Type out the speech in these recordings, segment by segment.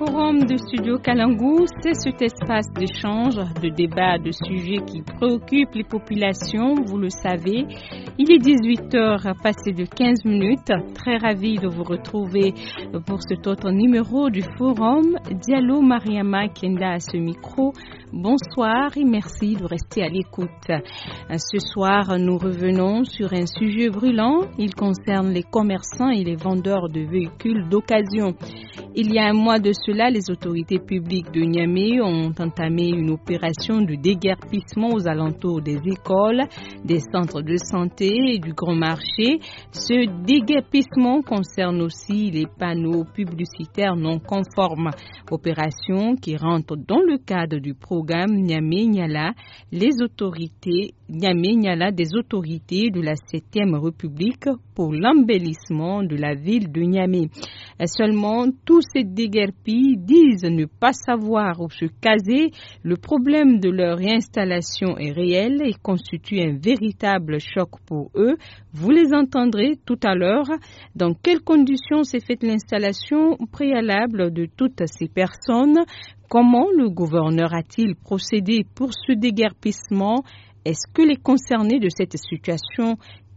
forum de studio Kalangou, c'est cet espace d'échange, de débat, de sujets qui préoccupent les populations, vous le savez. Il est 18h passé de 15 minutes. Très ravi de vous retrouver pour cet autre numéro du forum. Diallo Mariama Kenda à ce micro. Bonsoir et merci de rester à l'écoute. Euh, ce soir, nous revenons sur un sujet brûlant. Il concerne les commerçants et les vendeurs de véhicules d'occasion. Il y a un mois de cela, les autorités publiques de Niamey ont entamé une opération de déguerpissement aux alentours des écoles, des centres de santé et du grand marché. Ce déguerpissement concerne aussi les panneaux publicitaires non conformes, opération qui rentre dans le cadre du programme Ogam niamey les autorités Niamey-Niala des autorités de la 7e République pour l'embellissement de la ville de Niamey. Seulement, tous ces déguerpis disent ne pas savoir où se caser. Le problème de leur réinstallation est réel et constitue un véritable choc pour eux. Vous les entendrez tout à l'heure. Dans quelles conditions s'est faite l'installation préalable de toutes ces personnes Comment le gouverneur a-t-il procédé pour ce déguerpissement est-ce que les concernés de cette situation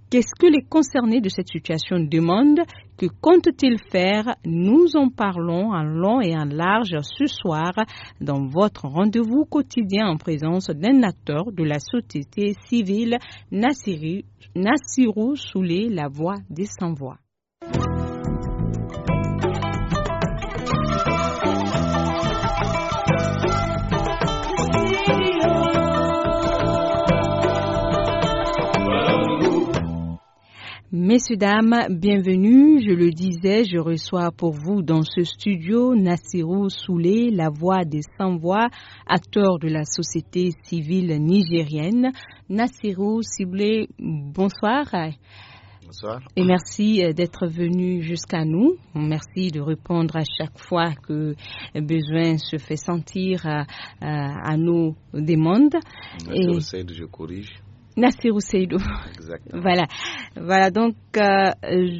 Qu'est-ce que les concernés de cette situation demandent Que compte t faire Nous en parlons en long et en large ce soir dans votre rendez-vous quotidien en présence d'un acteur de la société civile, Nassirou Soulé, la voix des sans-voix. Messieurs, dames, bienvenue. Je le disais, je reçois pour vous dans ce studio Nassirou Soulé, la voix des sans voix, acteur de la société civile nigérienne. Nassirou Soulé, bonsoir. Bonsoir. Et merci euh, d'être venu jusqu'à nous. Merci de répondre à chaque fois que besoin se fait sentir euh, euh, à, nos demandes. je corrige. Nasser Voilà. Voilà, donc euh,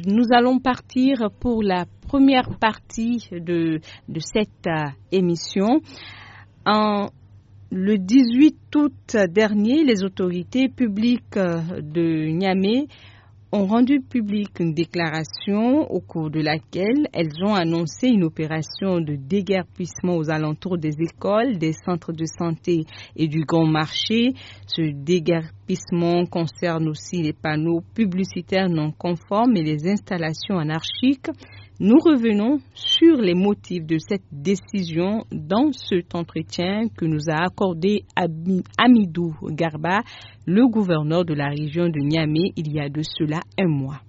nous allons partir pour la première partie de, cette euh, émission. En, le 18 août dernier, les autorités publiques euh, de Niamey ont rendu publique une déclaration au cours de laquelle elles ont annoncé une opération de déguerpissement aux alentours des écoles, des centres de santé et du grand marché. Ce déguerpissement concerne aussi les panneaux publicitaires non conformes et les installations anarchiques. Nous revenons sur les motifs de cette décision dans cet entretien que nous a accordé Amidou Garba, le gouverneur de la région de Niamey, il y a de cela un mois.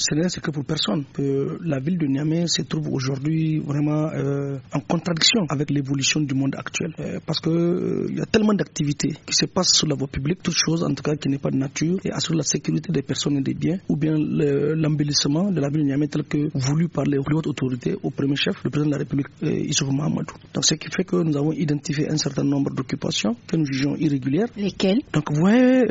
C'est n'est que pour personne la ville de Niamey se trouve aujourd'hui vraiment euh, en contradiction avec l'évolution du monde actuel. Euh, parce qu'il euh, il y a tellement d'activités qui se passent sur la voie publique, toute chose en tout cas qui n'est pas de nature et assure la sécurité des personnes et des biens, ou bien l'embellissement de la ville de Niamey tel que voulu par les plus hautes autorités, au premier chef, le président de la République, Issoufou Mahamadou. Donc ce qui fait que nous avons identifié un certain nombre d'occupations que nous jugeons irrégulières. Lesquelles Donc vous voyez,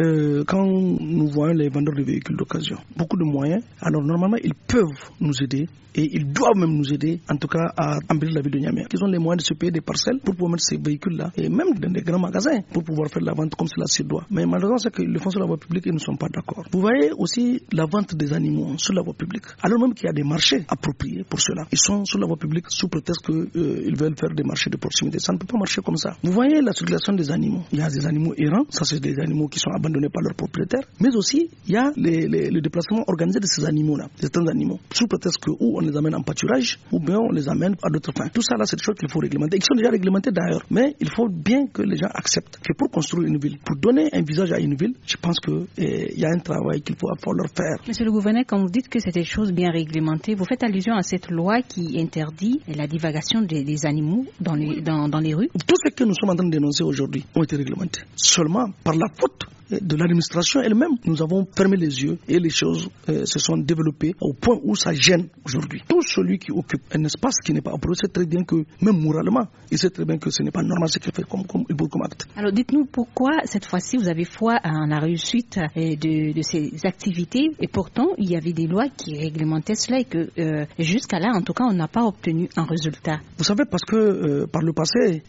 quand nous voyons les vendeurs de véhicules d'occasion, beaucoup de moyens normalement, ils peuvent nous aider et ils doivent même nous aider, en tout cas, à embellir la ville de Niamey. Ils ont les moyens de se payer des parcelles pour pouvoir mettre ces véhicules-là et même dans des grands magasins pour pouvoir faire la vente comme cela se doit. Mais malheureusement, c'est que le font sur la voie publique et ils ne sont pas d'accord. Vous voyez aussi la vente des animaux sur la voie publique, alors même qu'il y a des marchés appropriés pour cela. Ils sont sur la voie publique sous prétexte qu'ils euh, veulent faire des marchés de proximité. Ça ne peut pas marcher comme ça. Vous voyez la circulation des animaux. Il y a des animaux errants, ça c'est des animaux qui sont abandonnés par leurs propriétaires, mais aussi il y a le déplacement organisé de ces animaux des des d'animaux, sous prétexte que ou on les amène en pâturage, ou bien on les amène à d'autres fins. Tout ça là, c'est des choses qu'il faut réglementer, Ils sont déjà réglementés d'ailleurs. Mais il faut bien que les gens acceptent que pour construire une ville, pour donner un visage à une ville, je pense qu'il eh, y a un travail qu'il faut leur faire. Monsieur le gouverneur, quand vous dites que c'est des choses bien réglementées, vous faites allusion à cette loi qui interdit la divagation des, animaux dans les, dans les rues Tout ce que nous sommes en train de dénoncer aujourd'hui ont été réglementés. Seulement par la faute de l'administration elle-même. Nous avons fermé les yeux et les choses euh, se sont développées au point où ça gêne aujourd'hui. Tout celui qui occupe un espace qui n'est pas approuvé sait très bien que, même moralement, il sait très bien que ce n'est pas normal ce qu'il fait comme, comme, comme acte. Alors dites-nous pourquoi cette fois-ci vous avez foi en la réussite euh, de, de, ces activités et pourtant il y avait des lois qui réglementaient cela et que euh, jusqu'à là, en tout cas, on n'a pas obtenu un résultat. Vous savez, parce que par le passé,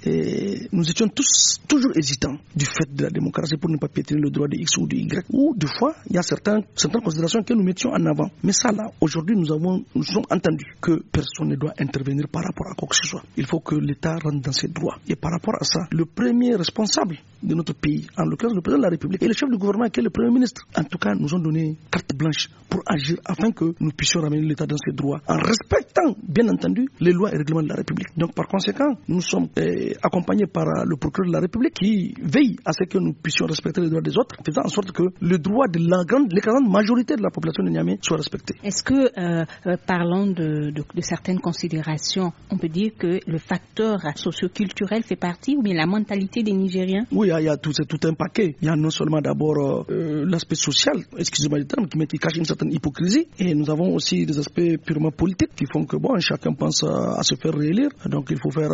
nous étions tous toujours hésitants du fait de la démocratie pour ne pas piétiner le le droit de X ou de Y, ou des fois, il y a certains, certaines considérations que nous mettions en avant. Mais ça, là, aujourd'hui, nous avons nous avons entendu que personne ne doit intervenir par rapport à quoi que ce soit. Il faut que l'État rentre dans ses droits. Et par rapport à ça, le premier responsable de notre pays, en l'occurrence le président de la République et le chef du gouvernement qui est le Premier ministre, en tout cas, nous ont donné carte blanche pour agir afin que nous puissions ramener l'État dans ses droits en respectant, bien entendu, les lois et règlements de la République. Donc, par conséquent, nous sommes eh, accompagnés par le procureur de la République qui veille à ce que nous puissions respecter les droits des autres, faisant en sorte que le droit de la grande, l'écrasante majorité de la population de Niamey soit respecté. Est-ce que, euh, euh, parlant de, certaines considérations, on peut dire que le facteur socioculturel fait partie ou bien la mentalité des Nigériens Oui, il y a, tout, c'est tout, un paquet. Il y a non seulement d'abord euh, l'aspect social, excusez-moi le terme, qui, cache une certaine hypocrisie, et nous avons aussi des aspects purement politiques qui font que bon, chacun pense à, se faire réélire, donc il faut faire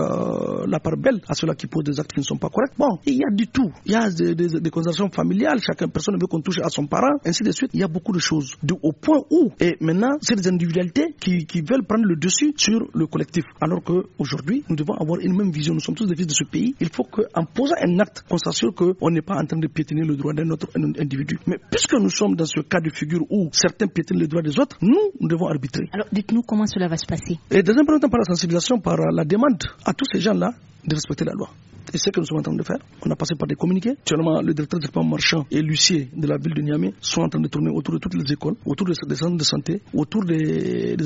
la part belle à ceux-là qui posent des actes qui ne sont pas corrects. Bon, il y a du tout. Il y a des, des considérations familiales chacun personne veut qu'on touche à son parent, ainsi de suite. Il y a beaucoup de choses. au point où, et maintenant, c'est des individualités qui, veulent prendre le dessus sur le collectif. Alors qu'aujourd'hui, nous devons avoir une même vision. Nous sommes tous des fils de ce pays. Il faut qu'en posant un acte, qu'on s'assure qu'on n'est pas en train de piétiner le droit d'un autre individu. Mais puisque nous sommes dans ce cas de figure où certains piétinent le droit des autres, nous, nous devons arbitrer. Alors dites-nous comment cela va se passer. Et dans un temps, par la sensibilisation, par la demande à tous ces gens-là de respecter la loi. Et ce que nous sommes en train de faire, on a passé par des communiqués. Actuellement, le directeur du plan marchand et l'huissier de la ville de Niamey sont en train de tourner autour de toutes les écoles, autour des, centres de santé, autour des,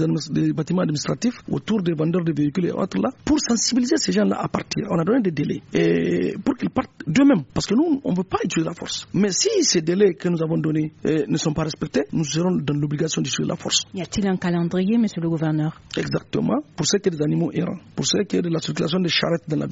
bâtiments administratifs, autour des vendeurs de véhicules et autres là, pour sensibiliser ces gens-là à partir. On a donné des délais et pour qu'ils partent d'eux-mêmes. Parce que nous, on ne veut pas utiliser la force. Mais si ces délais que nous avons donnés euh, ne sont pas respectés, nous serons dans l'obligation d'utiliser la force. Y a-t-il un calendrier, monsieur le gouverneur Exactement. Pour ce qui est des animaux errants, pour ce qui est de la circulation des charrettes dans la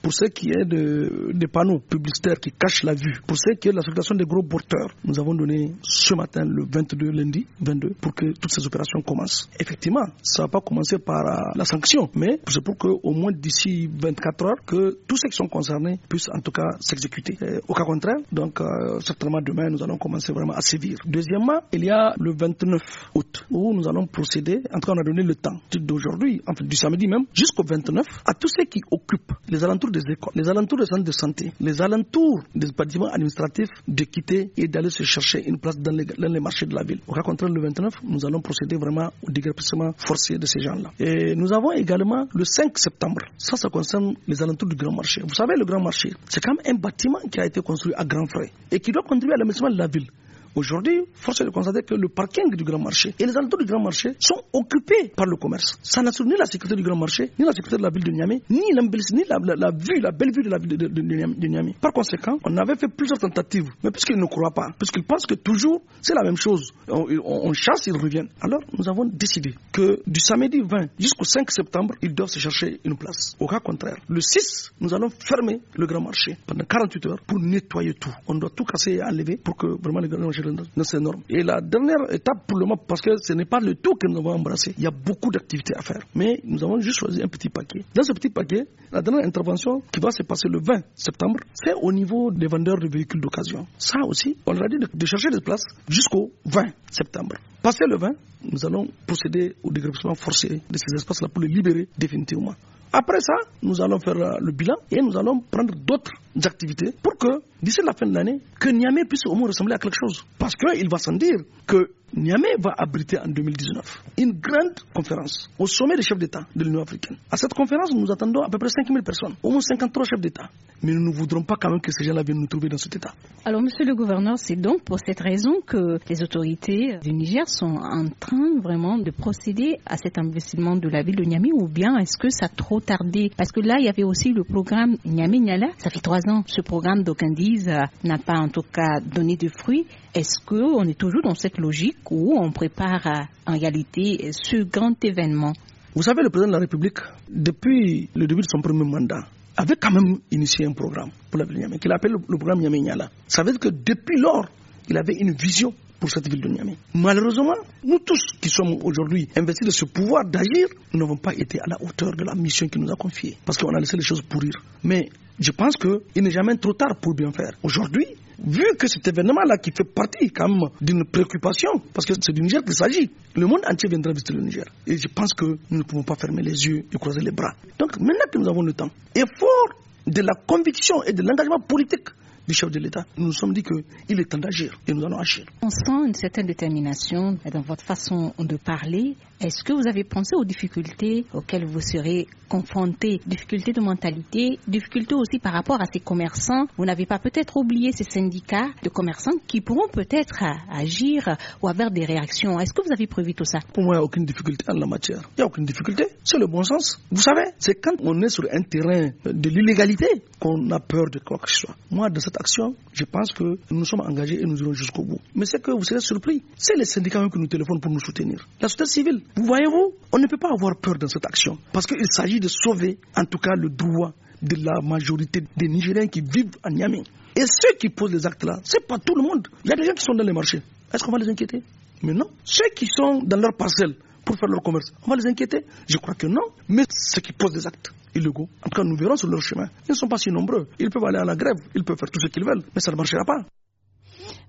pour ce qui est de, des panneaux publicitaires qui cachent la vue, pour ce qui est de l'association des gros porteurs, nous avons donné ce matin, le 22, lundi 22, pour que toutes ces opérations commencent. Effectivement, ça va pas commencer par euh, la sanction, mais c'est pour qu'au moins d'ici 24 heures, que tous ceux qui sont concernés puissent en tout cas s'exécuter. Au cas contraire, donc euh, certainement demain, nous allons commencer vraiment à sévir. Deuxièmement, il y a le 29 août où nous allons procéder, en tout cas on a donné le temps d'aujourd'hui, en du samedi même, jusqu'au 29, à tous ceux qui occupent les alentours des écoles, les alentours des centres de santé, les alentours des bâtiments administratifs de quitter et d'aller se chercher une place dans les, marchés de la ville. Au cas contraire, le 29, nous allons procéder vraiment au dégrapissement forcé de ces gens-là. Et nous avons également le 5 septembre. Ça, ça concerne les alentours du grand marché. Vous savez, le grand marché, c'est comme un bâtiment qui a été construit à Grand frais et qui doit contribuer à l'aménagement de la ville. Aujourd'hui, force est de constater que le parking du grand marché et les alentours du grand marché sont occupés par le commerce. Ça n'assure ni la sécurité du grand marché, ni la sécurité de la ville de Niamey, ni, la, la, la belle vue de la ville de, Niamey. Par conséquent, on avait fait plusieurs tentatives, mais puisqu'ils ne croient pas, puisqu'ils pensent que toujours c'est la même chose, on, chasse, ils reviennent. Alors, nous avons décidé que du samedi 20 jusqu'au 5 septembre, ils doivent se chercher une place. Au cas contraire, le 6, nous allons fermer le grand marché pendant 48 heures pour nettoyer tout. On doit tout casser et enlever pour que vraiment le grand marché c'est énorme. Et la dernière étape pour le MAP, parce que ce n'est pas le tout que nous avons embrassé, il y a beaucoup d'activités à faire. Mais nous avons juste choisi un petit paquet. Dans ce petit paquet, la dernière intervention qui va se passer le 20 septembre, c'est au niveau des vendeurs de véhicules d'occasion. Ça aussi, on leur a dit de, chercher des places jusqu'au 20 septembre. Passé le 20, nous allons procéder au dégrèvement forcé de ces espaces-là pour les libérer définitivement. Après ça, nous allons faire le bilan et nous allons prendre d'autres activités pour que, d'ici la fin de l'année, que Niamey puisse au moins ressembler à quelque chose. Parce qu'il va sans dire que Niamey va abriter en 2019 une grande conférence au sommet des chefs d'État de l'Union africaine. À cette conférence, nous attendons à peu près 5000 personnes, au moins 53 chefs d'État. Mais nous ne voudrons pas quand même que ces gens-là viennent nous trouver dans cet État. Alors, monsieur le gouverneur, c'est donc pour cette raison que les autorités du Niger sont en train vraiment de procéder à cet investissement de la ville de Niamey ou bien est-ce que ça a trop tardé Parce que là, il y avait aussi le programme Niamey-Niala, ça fait trois ce programme d'aucuns disent euh, n'a pas en tout cas donné de fruits. Est-ce qu'on est toujours dans cette logique où on prépare euh, en réalité ce grand événement Vous savez, le président de la République, depuis le début de son premier mandat, avait quand même initié un programme pour la ville de Niamey, qu'il appelle le programme Niamey Niala. Ça veut dire que depuis lors, il avait une vision pour cette ville de Niamey. Malheureusement, nous tous qui sommes aujourd'hui investis de ce pouvoir d'agir, nous n'avons pas été à la hauteur de la mission qu'il nous a confiée, parce qu'on a laissé les choses pourrir. Mais je pense qu'il n'est jamais trop tard pour bien faire. Aujourd'hui, vu que cet événement-là qui fait partie quand même d'une préoccupation, parce que c'est du Niger qu'il s'agit, le monde entier viendra visiter le Niger. Et je pense que nous ne pouvons pas fermer les yeux et croiser les bras. Donc maintenant que nous avons le temps, effort de la conviction et de l'engagement politique du chef de l'État, nous nous sommes dit qu'il est temps d'agir et nous allons agir. On sent une certaine détermination dans votre façon de parler. Est-ce que vous avez pensé aux difficultés auxquelles vous serez confrontés Difficultés de mentalité, difficultés aussi par rapport à ces commerçants. Vous n'avez pas peut-être oublié ces syndicats de commerçants qui pourront peut-être agir ou avoir des réactions. Est-ce que vous avez prévu tout ça Pour moi, il n'y a aucune difficulté en la matière. Il n'y a aucune difficulté. C'est le bon sens. Vous savez, c'est quand on est sur un terrain de l'illégalité qu'on a peur de quoi que ce soit. Moi, dans cette action, je pense que nous sommes engagés et nous irons jusqu'au bout. Mais ce que vous serez surpris. C'est les syndicats qui nous téléphonent pour nous soutenir. La société civile, vous voyez-vous, on ne peut pas avoir peur dans cette action. Parce qu'il s'agit de sauver, en tout cas, le droit de la majorité des Nigériens qui vivent à Niamey. Et ceux qui posent les actes-là, ce n'est pas tout le monde. Il y a des gens qui sont dans les marchés. Est-ce qu'on va les inquiéter Mais non. Ceux qui sont dans leur parcelle pour faire leur commerce, on va les inquiéter Je crois que non. Mais ceux qui posent des actes, illégaux. En tout cas, nous verrons sur leur chemin. Ils ne sont pas si nombreux. Ils peuvent aller à la grève, ils peuvent faire tout ce qu'ils veulent, mais ça ne marchera pas.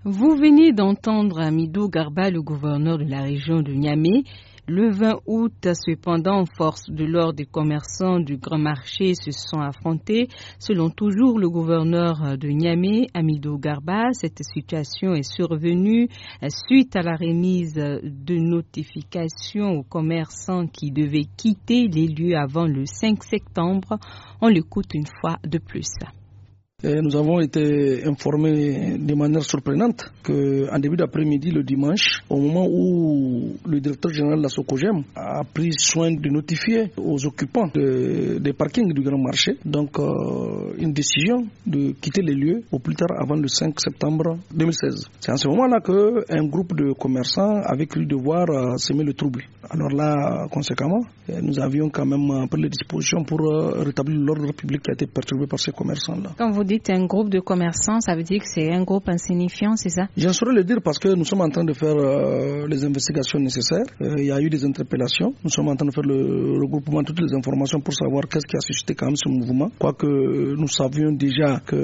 Vous venez d'entendre Amido Garba, le gouverneur de la région de Niamey. Le 20 août, cependant, force de l'ordre des commerçants du grand marché se sont affrontés. Selon toujours le gouverneur de Niamey, Amido Garba, cette situation est survenue suite à la remise de notifications aux commerçants qui devaient quitter les lieux avant le 5 septembre. On l'écoute une fois de plus nous avons été informés de manière surprenante qu'en début d'après-midi, le dimanche, au moment où le directeur général de la Socogem a pris soin de notifier aux occupants des parkings du Grand Marché, donc euh, une décision de quitter les lieux au plus tard avant le 5 septembre 2016. C'est à ce moment-là qu'un groupe de commerçants avait cru devoir s'aimer euh, semer le trouble. Alors là, conséquemment, eh, nous avions quand même pris les dispositions pour euh, rétablir l'ordre public qui a été perturbé par ces commerçants-là un groupe de commerçants, ça veut dire que c'est un groupe insignifiant, c'est ça J'en saurais le dire parce que nous sommes en train de faire euh, les investigations nécessaires. Euh, il y a eu des interpellations. Nous sommes en train de faire le regroupement de toutes les informations pour savoir qu'est-ce qui a suscité quand même ce mouvement. Quoique euh, nous savions déjà que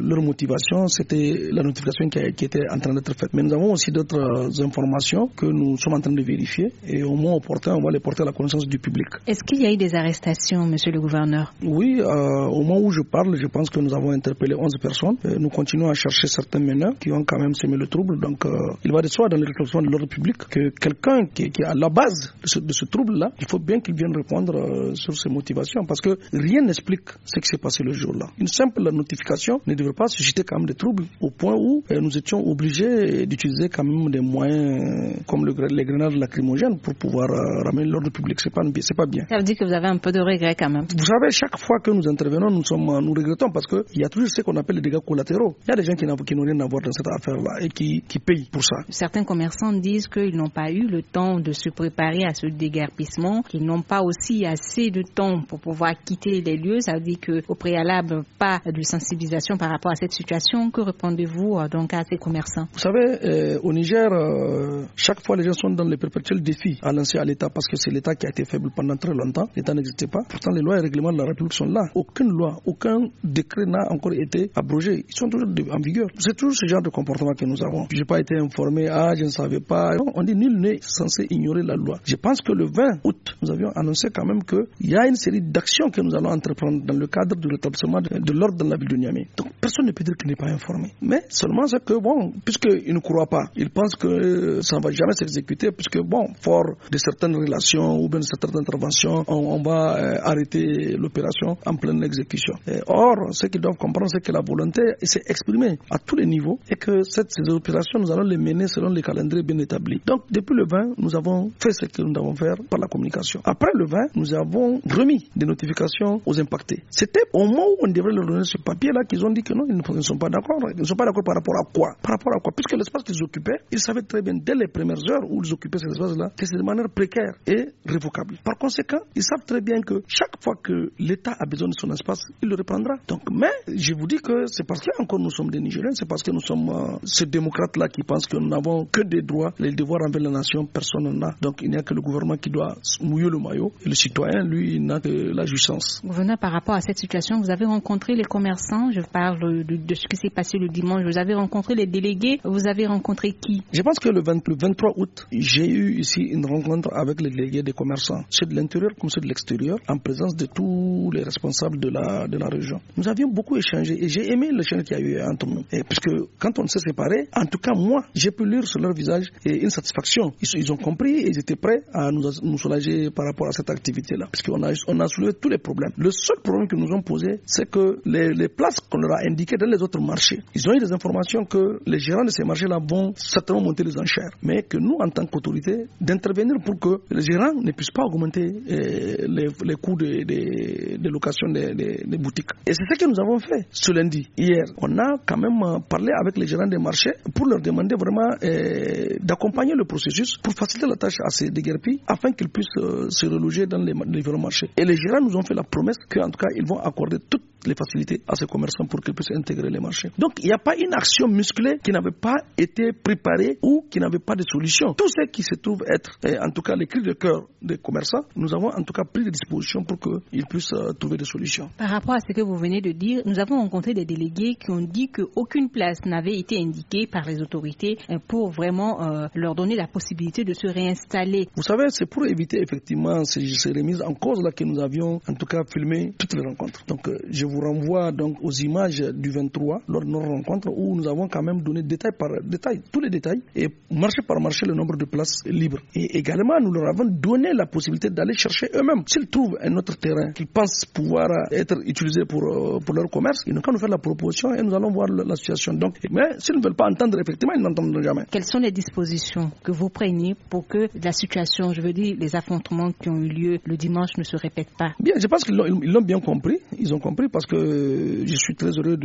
leur motivation, c'était la notification qui, était en train d'être faite. Mais nous avons aussi d'autres informations que nous sommes en train de vérifier et au moins, opportun, on va les porter à la connaissance du public. Est-ce qu'il y a eu des arrestations, monsieur le gouverneur Oui, au moment où je parle, je pense que nous avons interpellé les 11 personnes. Nous continuons à chercher certains meneurs qui ont quand même semé le trouble. Donc, euh, il va de soi dans les réflexions de l'ordre public que quelqu'un qui, est à la base de ce, trouble-là, il faut bien qu'il vienne répondre euh, sur ses motivations parce que rien n'explique ce qui s'est passé le jour-là. Une simple notification ne devrait pas susciter quand même des troubles au point où euh, nous étions obligés d'utiliser quand même des moyens comme les grenades lacrymogènes pour pouvoir ramener l'ordre public. C'est pas, pas bien. Ça veut dire que vous avez un peu de regret quand même. Vous savez, chaque fois que nous intervenons, nous, sommes, nous regrettons parce qu'il y a plus ce qu'on appelle les dégâts collatéraux. Il y a des gens qui n'ont rien à voir dans cette affaire-là et qui, payent pour ça. Certains commerçants disent qu'ils n'ont pas eu le temps de se préparer à ce déguerpissement, qu'ils n'ont pas aussi assez de temps pour pouvoir quitter les lieux. Ça veut dire qu'au préalable, pas de sensibilisation par rapport à cette situation. Que répondez-vous euh, donc à ces commerçants Vous savez, euh, au Niger, euh, chaque fois les gens sont dans les perpétuels défis à lancer à l'État parce que c'est l'État qui a été faible pendant très longtemps. L'État n'existait pas. Pourtant, les lois et règlements de la République sont là. Aucune loi, aucun décret n'a encore été abrogés. Ils sont toujours en vigueur. C'est toujours ce genre de comportement que nous avons. Je n'ai pas été informé, ah, je ne savais pas. on dit nul n'est censé ignorer la loi. Je pense que le 20 août, nous avions annoncé quand même qu'il y a une série d'actions que nous allons entreprendre dans le cadre de rétablissement de, l'ordre dans la ville de Niamey. Donc personne ne peut dire qu'il n'est pas informé. Mais seulement c'est que, bon, puisqu'il ne croit pas, il pense que euh, ça ne va jamais s'exécuter, puisque, bon, fort de certaines relations ou bien de certaines interventions, on, va euh, arrêter l'opération en pleine exécution. Et, or, ce qu'ils doivent comprendre, que la volonté s'est exprimée à tous les niveaux et que ces opérations, nous allons les mener selon les calendriers bien établis. Donc, depuis le 20, nous avons fait ce que nous devons faire par la communication. Après le 20, nous avons remis des notifications aux impactés. C'était au moment où on devrait leur donner ce papier-là qu'ils ont dit que non, ils ne sont pas d'accord. Ils ne sont pas d'accord par rapport à quoi Par rapport à quoi Puisque l'espace qu'ils occupaient, ils savaient très bien dès les premières heures où ils occupaient cet espace-là que c'est de manière précaire et révocable. Par conséquent, ils savent très bien que chaque fois que l'État a besoin de son espace, il le reprendra. Donc, mais je vous dis que c'est parce que encore nous sommes des Nigériens, c'est parce que nous sommes euh, ces démocrates-là qui pensent que nous n'avons que des droits, les devoirs envers la nation, personne n'en a. Donc il n'y a que le gouvernement qui doit mouiller le maillot. Et le citoyen, lui, n'a que la jouissance. Gouverneur, par rapport à cette situation, vous avez rencontré les commerçants, je parle de, ce qui s'est passé le dimanche, vous avez rencontré les délégués, vous avez rencontré qui Je pense que le, 23 août, j'ai eu ici une rencontre avec les délégués des commerçants, ceux de l'intérieur comme ceux de l'extérieur, en présence de tous les responsables de la, de la région. Nous avions beaucoup échangé j'ai aimé l'échange qu'il y a eu entre nous. parce que quand on s'est séparés, en tout cas, moi, j'ai pu lire sur leur visage une satisfaction. Ils, ont compris ils étaient prêts à nous, soulager par rapport à cette activité-là. Parce a, soulevé tous les problèmes. Le seul problème qu'ils nous ont posé, c'est que les, places qu'on leur a indiquées dans les autres marchés, ils ont eu des informations que les gérants de ces marchés-là vont certainement monter les enchères. Mais que nous, en tant qu'autorité, d'intervenir pour que les gérants ne puissent pas augmenter euh, les, coûts de, location des boutiques. Et c'est ce que nous avons fait ce lundi, hier, on a quand même euh, parlé avec les gérants des marchés pour leur demander vraiment euh, d'accompagner le processus pour faciliter la tâche à ces déguerpis afin qu'ils puissent euh, se reloger dans les, différents marchés. Et les gérants nous ont fait la promesse qu'en tout cas, ils vont accorder toutes les facilités à ces commerçants pour qu'ils puissent intégrer les marchés. Donc, il n'y a pas une action musclée qui n'avait pas été préparée ou qui n'avait pas de solution. Tout ce qui se trouve être, en tout cas, les cris de cœur des commerçants, nous avons en tout cas pris des dispositions pour qu'ils puissent trouver des solutions. Par rapport à ce que vous venez de dire, nous avons avons rencontré des délégués qui ont dit qu'aucune place n'avait été indiquée par les autorités euh, pour vraiment euh, leur donner la possibilité de se réinstaller. Vous savez, c'est pour éviter effectivement ces, remises en cause là que nous avions en tout cas filmé toutes les rencontres. Donc euh, je vous renvoie donc aux images du 23 lors de nos rencontres où nous avons quand même donné détail par détail, tous les détails et marché par marché le nombre de places libres. Et également nous leur avons donné la possibilité d'aller chercher eux-mêmes s'ils trouvent un autre terrain qu'ils pensent pouvoir être utilisé pour leur commerce ils nous, quand nous faire la proposition et nous allons voir la situation. Donc, mais s'ils ne veulent pas entendre, effectivement, ils n'entendront jamais. Quelles sont les dispositions que vous preniez pour que la situation, je veux dire, les affrontements qui ont eu lieu le dimanche ne se répètent pas Bien, je pense qu'ils l'ont bien compris. Ils ont compris parce que je suis très heureux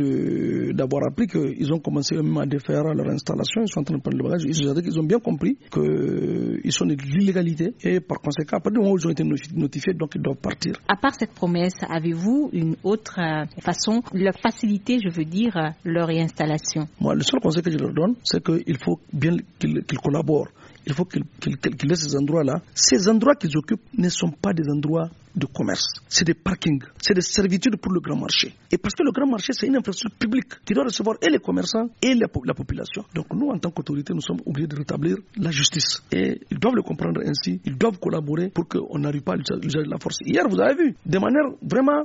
d'avoir appris qu'ils ont commencé à défaire leur installation. Ils sont en train de prendre le bagage. Ils, ont bien compris qu'ils sont de l'illégalité et par conséquent, après du moment où ils ont été notifiés, donc ils doivent partir. À part cette promesse, avez-vous une autre euh, façon de faciliter, je veux dire, euh, leur réinstallation Moi, le seul conseil que je leur donne, c'est qu'il faut bien qu'ils collaborent il faut qu'ils qu laissent ces endroits-là. Ces endroits qu'ils occupent ne sont pas des endroits de commerce, c'est des parkings, c'est des servitudes pour le grand marché. Et parce que le grand marché, c'est une infrastructure publique qui doit recevoir et les commerçants et la, population. Donc nous, en tant qu'autorité, nous sommes obligés de rétablir la justice. Et ils doivent le comprendre ainsi, ils doivent collaborer pour qu'on n'arrive pas à l'usage de la force. Hier, vous avez vu, de manière vraiment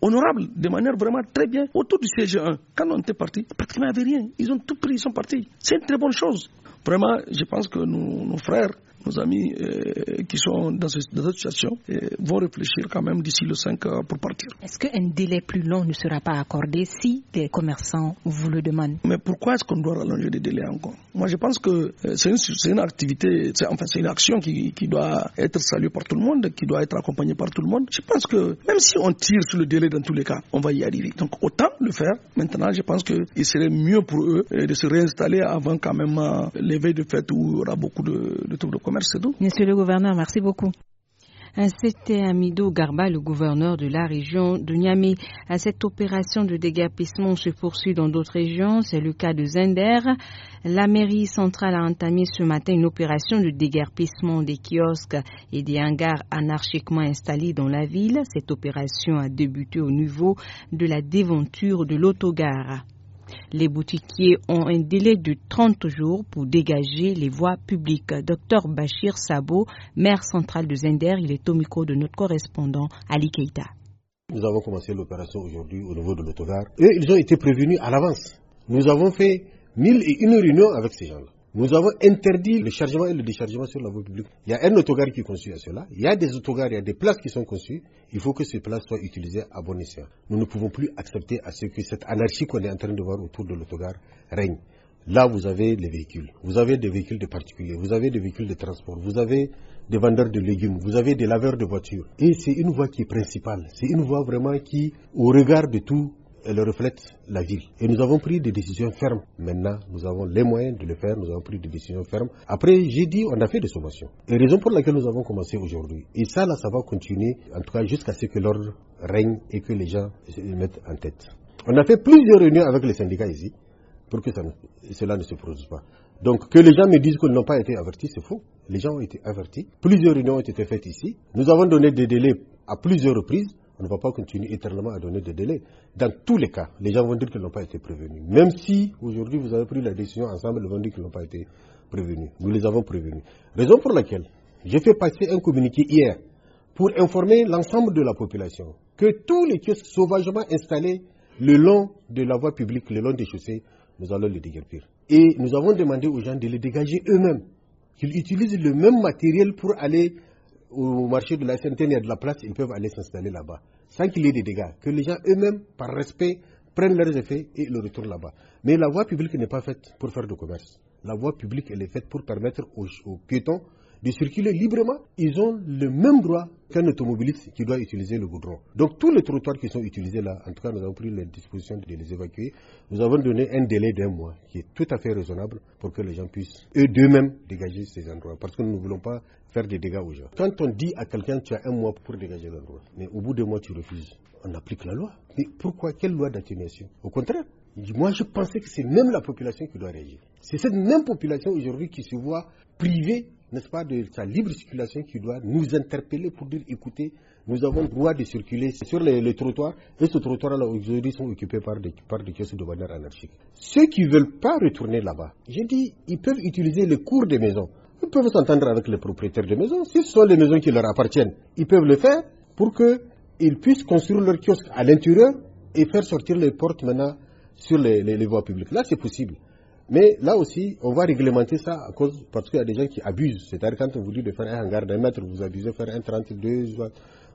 honorable, de manière vraiment très bien, autour du CG1, quand on était parti, pratiquement il n'y avait rien. Ils ont tout pris, ils sont partis. C'est une très bonne chose. Vraiment, je pense que nous, nos frères nos amis euh, qui sont dans, cette situation euh, vont réfléchir quand même d'ici le 5 pour partir. Est-ce qu'un délai plus long ne sera pas accordé si les commerçants vous le demandent Mais pourquoi est-ce qu'on doit rallonger les délais encore Moi, je pense que euh, c'est une, une, activité, enfin, c'est une action qui, doit être saluée par tout le monde, qui doit être accompagnée par tout le monde. Je pense que même si on tire sur le délai dans tous les cas, on va y arriver. Donc, autant le faire. Maintenant, je pense qu'il serait mieux pour eux de se réinstaller avant quand même l'éveil de fête où il y aura beaucoup de, troubles de Monsieur le gouverneur, merci beaucoup. Euh, C'était Amido Garba, le gouverneur de la région de Niamey. Euh, cette opération de dégapissement se poursuit dans d'autres régions. C'est le cas de Zender. La mairie centrale a entamé ce matin une opération de dégarpissement des kiosques et des hangars anarchiquement installés dans la ville. Cette opération a débuté au niveau de la déventure de l'autogare. Les boutiquiers ont un délai de 30 jours pour dégager les voies publiques. Docteur Bachir Sabo, maire central de Zender, il est au micro de notre correspondant Ali Keita. Nous avons commencé l'opération aujourd'hui au niveau de l'autogar. Et ils ont été prévenus à l'avance. Nous avons fait mille et une réunions avec ces gens-là. Nous avons interdit le chargement et le déchargement sur la voie publique. Il y a un autogare qui est conçu à cela. Il y a des autogares, il y a des places qui sont conçues. Il faut que ces places soient utilisées à bon escient. Nous ne pouvons plus accepter à ce que cette anarchie qu'on est en train de voir autour de l'autogare règne. Là, vous avez les véhicules. Vous avez des véhicules de particuliers. Vous avez des véhicules de transport. Vous avez des vendeurs de légumes. Vous avez des laveurs de voitures. Et c'est une voie qui est principale. C'est une voie vraiment qui, au regard de tout, elle reflète la ville. Et nous avons pris des décisions fermes. Maintenant, nous avons les moyens de le faire, nous avons pris des décisions fermes. Après, j'ai dit, on a fait des sommations. les raison pour laquelle nous avons commencé aujourd'hui. Et ça, là, ça va continuer, en tout cas, jusqu'à ce que l'ordre règne et que les gens se mettent en tête. On a fait plusieurs réunions avec les syndicats ici pour que cela ne se produise pas. Donc, que les gens me disent qu'ils n'ont pas été avertis, c'est faux. Les gens ont été avertis. Plusieurs réunions ont été faites ici. Nous avons donné des délais à plusieurs reprises. On ne va pas continuer éternellement à donner des délais. Dans tous les cas, les gens vont dire qu'ils n'ont pas été prévenus. Même si aujourd'hui vous avez pris la décision ensemble, ils vont dire qu'ils n'ont pas été prévenus. Nous les avons prévenus. Raison pour laquelle j'ai fait passer un communiqué hier pour informer l'ensemble de la population que tous les kiosques sauvagement installés le long de la voie publique, le long des chaussées, nous allons les déguerpir. Et nous avons demandé aux gens de les dégager eux-mêmes, qu'ils utilisent le même matériel pour aller au marché de la SNTN, il y a de la place, ils peuvent aller s'installer là-bas, sans qu'il y ait des dégâts, que les gens eux-mêmes, par respect, prennent leurs effets et le retournent là-bas. Mais la voie publique n'est pas faite pour faire du commerce. La voie publique, elle est faite pour permettre aux, aux piétons de circuler librement, ils ont le même droit qu'un automobiliste qui doit utiliser le goudron. Donc tous les trottoirs qui sont utilisés là, en tout cas nous avons pris la disposition de les évacuer. Nous avons donné un délai d'un mois qui est tout à fait raisonnable pour que les gens puissent eux d'eux-mêmes dégager ces endroits parce que nous ne voulons pas faire des dégâts aux gens. Quand on dit à quelqu'un tu as un mois pour dégager l'endroit, mais au bout de mois tu refuses, on applique la loi. Mais pourquoi Quelle loi d'atténuation Au contraire, moi je pensais que c'est même la population qui doit réagir. C'est cette même population aujourd'hui qui se voit privée, n'est-ce pas, de sa libre circulation qui doit nous interpeller pour dire, écoutez, nous avons le droit de circuler sur les, trottoirs et ce trottoir-là aujourd'hui sont occupés par des, kiosques de manière anarchique. Ceux qui ne veulent pas retourner là-bas, j'ai dit, ils peuvent utiliser les cours des maisons. Ils peuvent s'entendre avec les propriétaires de maisons. ce sont les maisons qui leur appartiennent, ils peuvent le faire pour qu'ils puissent construire leur kiosque à l'intérieur et faire sortir les portes maintenant sur les, les, voies publiques. Là, c'est possible. Mais là aussi, on va réglementer ça à cause, parce qu'il y a des gens qui abusent. C'est-à-dire, quand on vous dit de faire un hangar d'un mètre, vous abusez de faire un 32,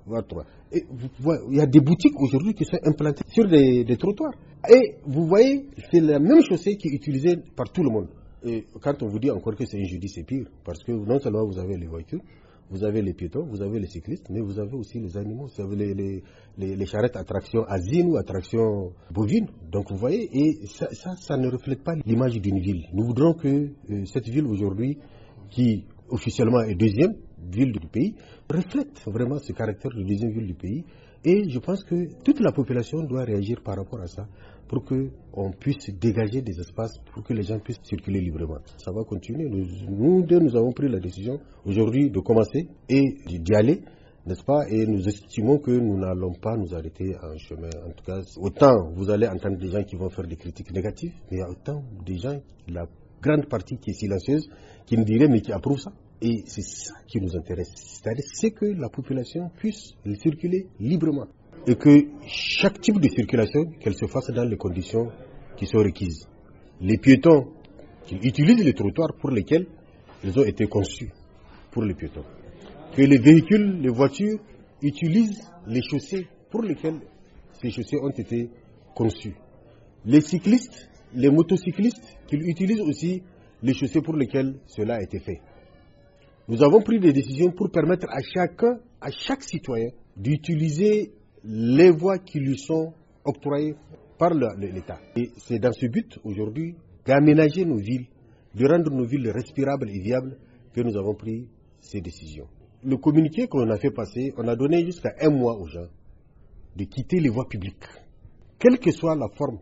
voire 3. il y a des boutiques aujourd'hui qui sont implantées sur des, des trottoirs. Et vous voyez, c'est la même chaussée qui est utilisée par tout le monde. Et quand on vous dit encore que c'est injudice, c'est pire. Parce que non seulement vous avez les voitures, vous avez les piétons, vous avez les cyclistes, mais vous avez aussi les animaux, vous avez les, charrettes à traction asine ou à traction bovine. Donc vous voyez, et ça, ça, ne reflète pas l'image d'une ville. Nous voudrons que euh, cette ville aujourd'hui, qui officiellement est deuxième ville du pays, reflète vraiment ce caractère de deuxième ville du pays. Et je pense que toute la population doit réagir par rapport à ça pour que qu'on puisse dégager des espaces pour que les gens puissent circuler librement. Ça va continuer. Nous, deux, nous avons pris la décision aujourd'hui de commencer et d'y aller n'est-ce pas Et nous estimons que nous n'allons pas nous arrêter en chemin. En tout cas, autant vous allez entendre des gens qui vont faire des critiques négatives, mais autant des gens, la grande partie qui est silencieuse, qui nous dirait mais qui approuve ça. Et c'est ça qui nous intéresse. C'est-à-dire, c'est que la population puisse circuler librement et que chaque type de circulation, qu'elle se fasse dans les conditions qui sont requises. Les piétons, qu'ils utilisent les trottoirs pour lesquels ils ont été conçus, pour les piétons. Que les véhicules, les voitures, utilisent les chaussées pour lesquelles ces chaussées ont été conçues. Les cyclistes, les motocyclistes, qu'ils utilisent aussi les chaussées pour lesquelles cela a été fait. Nous avons pris des décisions pour permettre à chacun, à chaque citoyen, d'utiliser les voies qui lui sont octroyées par l'État. Et c'est dans ce but aujourd'hui d'aménager nos villes, de rendre nos villes respirables et viables que nous avons pris ces décisions. Le communiqué qu'on a fait passer, on a donné jusqu'à un mois aux gens de quitter les voies publiques. Quelle que soit la forme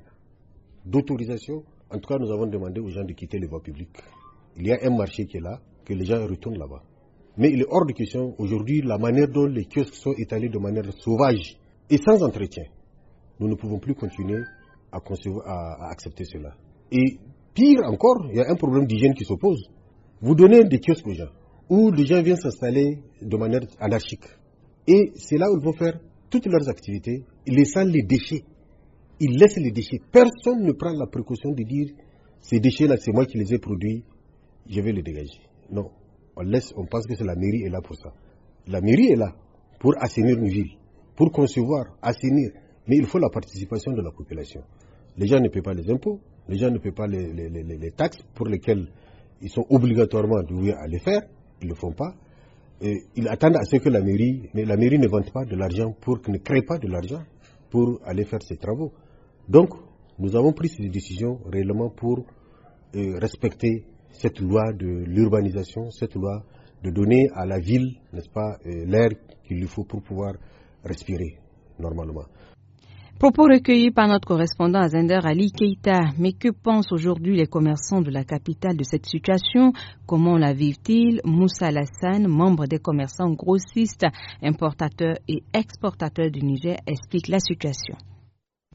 d'autorisation, en tout cas nous avons demandé aux gens de quitter les voies publiques. Il y a un marché qui est là, que les gens retournent là-bas. Mais il est hors de question aujourd'hui la manière dont les kiosques sont étalés de manière sauvage et sans entretien, nous ne pouvons plus continuer à, à, accepter cela. Et pire encore, il y a un problème d'hygiène qui s'oppose. Vous donnez des kiosques aux gens, où les gens viennent s'installer de manière anarchique. Et c'est là où ils vont faire toutes leurs activités, laissant les déchets. Ils laissent les déchets. Personne ne prend la précaution de dire ces déchets-là, c'est moi qui les ai produits, je vais les dégager. Non. On laisse, on pense que c'est la mairie est là pour ça. La mairie est là pour assainir nos villes pour concevoir, assainir. Mais il faut la participation de la population. Les gens ne paient pas les impôts, les gens ne paient pas les, taxes pour lesquelles ils sont obligatoirement doués à les faire, ils ne le font pas. Et ils attendent à ce que la mairie, mais la mairie ne vante pas de l'argent pour ne crée pas de l'argent pour aller faire ses travaux. Donc, nous avons pris ces décisions réellement pour euh, respecter cette loi de l'urbanisation, cette loi de donner à la ville, n'est-ce pas, euh, l'air qu'il lui faut pour pouvoir respirer normalement. Propos recueillis par notre correspondant à Ali Keita. Mais que pensent aujourd'hui les commerçants de la capitale de cette situation Comment la vivent-ils Moussa Lassane, membre des commerçants grossistes, importateurs et exportateurs du Niger, explique la situation.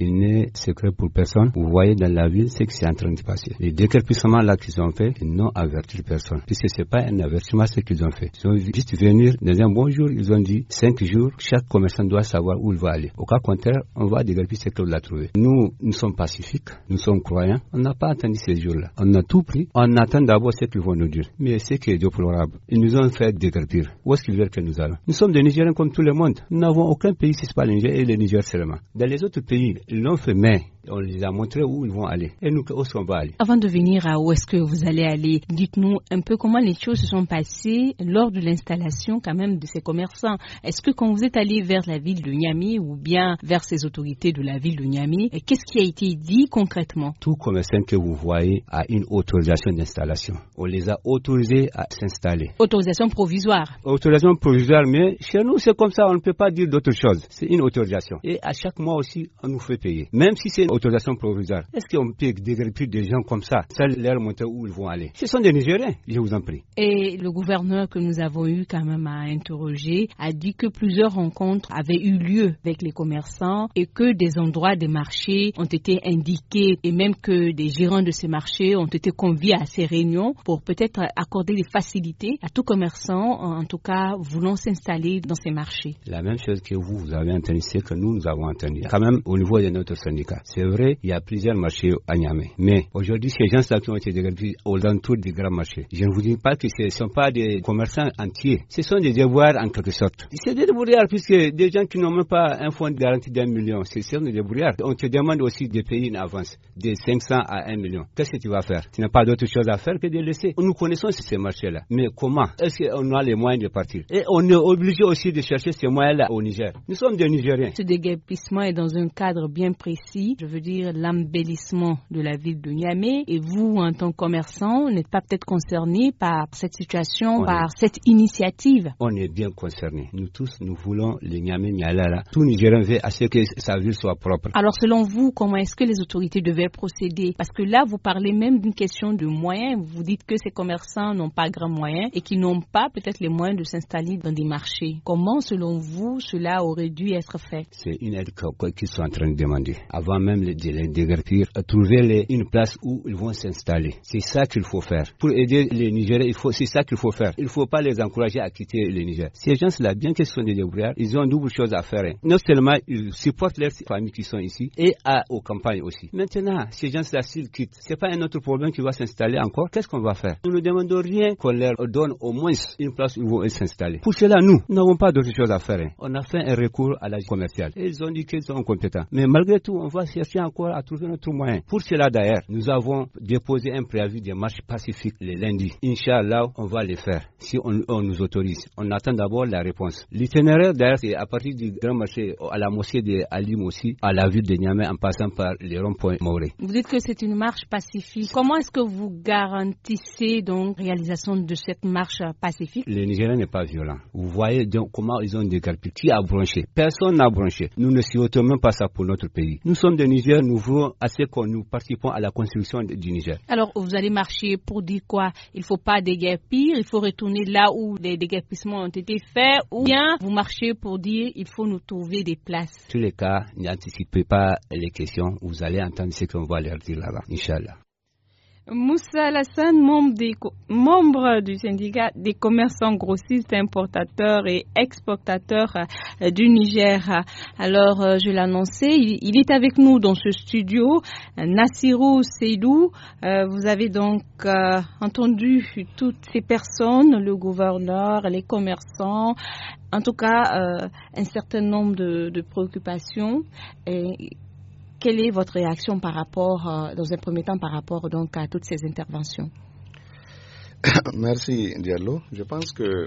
Il n'est secret pour personne. Vous voyez dans la ville ce qui est en train de passer. Les décrépissement là qu'ils ont fait, ils n'ont averti personne. Puisque c'est pas un avertissement ce qu'ils ont fait. Ils ont juste venir dans un bon jour, ils ont dit cinq jours, chaque commerçant doit savoir où il va aller. Au cas contraire, on va déguerpir ce qu'on l'a trouvé. Nous, nous sommes pacifiques, nous sommes croyants. On n'a pas attendu ces jours-là. On a tout pris. On attend d'abord ce qu'ils vont nous dire. Mais c'est qui est déplorable, ils nous ont fait déguerpir. Où est-ce qu'ils veulent que nous allons Nous sommes des Nigériens comme tout le monde. Nous n'avons aucun pays, si ce n'est pas et le Niger seulement. Dans les autres pays, ils l'ont fait, on les a montré où ils vont aller. Et nous, où va aller. Avant de venir à où est-ce que vous allez aller, dites-nous un peu comment les choses se sont passées lors de l'installation quand même de ces commerçants. Est-ce que quand vous êtes allé vers la ville de Niamey ou bien vers ces autorités de la ville de Niamey, qu'est-ce qui a été dit concrètement Tout commerçant que vous voyez a une autorisation d'installation. On les a autorisés à s'installer. Autorisation provisoire. Autorisation provisoire, mais chez nous, c'est comme ça, on ne peut pas dire d'autre chose. C'est une autorisation. Et à chaque mois aussi, on nous fait payer. Même si c'est une autorisation provisoire, est-ce qu'on peut dégripper des gens comme ça, sans leur montrer où ils vont aller Ce sont des Nigériens, je vous en prie. Et le gouverneur que nous avons eu quand même à interroger a dit que plusieurs rencontres avaient eu lieu avec les commerçants et que des endroits des marchés ont été indiqués et même que des gérants de ces marchés ont été conviés à ces réunions pour peut-être accorder des facilités à tout commerçant, en tout cas voulant s'installer dans ces marchés. La même chose que vous, vous avez entendu, c'est que nous, nous avons entendu. Quand même, au niveau de notre syndicat. C'est vrai, il y a plusieurs marchés à Niamey. Mais aujourd'hui, ces gens-là qui ont été dégrevés du grand marché, je ne vous dis pas que ce ne sont pas des commerçants entiers. Ce sont des devoirs en quelque sorte. C'est des débrouillards puisque des gens qui n'ont même pas un fonds de garantie d'un million, c'est des débrouillards. On te demande aussi de payer une avance de 500 à 1 million. Qu'est-ce que tu vas faire Tu n'as pas d'autre chose à faire que de laisser. Nous connaissons ces marchés-là. Mais comment Est-ce qu'on a les moyens de partir Et on est obligé aussi de chercher ces moyens-là au Niger. Nous sommes des Nigériens. Ce déguerpissement est dans un cadre bien précis, je veux dire l'embellissement de la ville de Niamey. Et vous, en tant que commerçant, n'êtes pas peut-être concerné par cette situation, par cette initiative On est bien concerné. Nous tous, nous voulons le Niamey Nialala. Tout Nigerien, veut à ce que sa ville soit propre. Alors, selon vous, comment est-ce que les autorités devaient procéder Parce que là, vous parlez même d'une question de moyens. Vous dites que ces commerçants n'ont pas grand moyens et qu'ils n'ont pas peut-être les moyens de s'installer dans des marchés. Comment, selon vous, cela aurait dû être fait C'est une aide qui sont en train de demander, avant même de les déguerpir, trouver une place où ils vont s'installer. C'est ça qu'il faut faire. Pour aider les Nigériens, c'est ça qu'il faut faire. Il ne faut pas les encourager à quitter le Niger. Ces gens-là, bien qu'ils soient des débrouillards, ils ont d'autres choses à faire. Hein. Non seulement ils supportent leurs familles qui sont ici et à, aux campagnes aussi. Maintenant, ces gens-là, s'ils quittent, ce n'est pas un autre problème qui va s'installer encore. Qu'est-ce qu'on va faire Nous ne demandons rien qu'on leur donne au moins une place où ils vont s'installer. Pour cela, nous n'avons pas d'autre chose à faire. Hein. On a fait un recours à la commerciale. Ils ont dit qu'ils sont compétents. Mais malgré tout, on va chercher encore à trouver notre moyen. Pour cela d'ailleurs, nous avons déposé un préavis de marche pacifique le lundi. Inch'Allah, on va le faire si on, nous autorise. On attend d'abord la réponse. L'itinéraire d'ailleurs, c'est à partir du grand marché à la mosquée de Ali aussi à la ville de Niamey en passant par les ronds-points Mauré. Vous dites que c'est une marche pacifique. Comment est-ce que vous garantissez donc réalisation de cette marche pacifique Le Nigeria n'est pas violent. Vous voyez donc comment ils ont des Qui a branché Personne n'a branché. Nous ne suivons même pas ça pour notre nous sommes des Niger nouveaux à ce que nous participons à la construction du Niger. Alors, vous allez marcher pour dire quoi Il ne faut pas déguerpir, il faut retourner là où les déguerpissements ont été faits, ou bien vous marchez pour dire il faut nous trouver des places. Tous les cas, n'anticipez pas les questions, vous allez entendre ce qu'on va leur dire là-bas, Inch'Allah. Moussa Alassane, membre, du syndicat des commerçants grossistes, importateurs et exportateurs euh, du Niger. Alors, euh, je l'annonçais, il, est avec nous dans ce studio, Nassirou Seydou. Euh, vous avez donc entendu toutes ces personnes, le gouverneur, les commerçants, en tout cas, un certain nombre de, de préoccupations. Quelle est votre réaction par rapport, euh, dans un premier temps, par rapport donc à toutes ces interventions Merci Diallo. Je pense que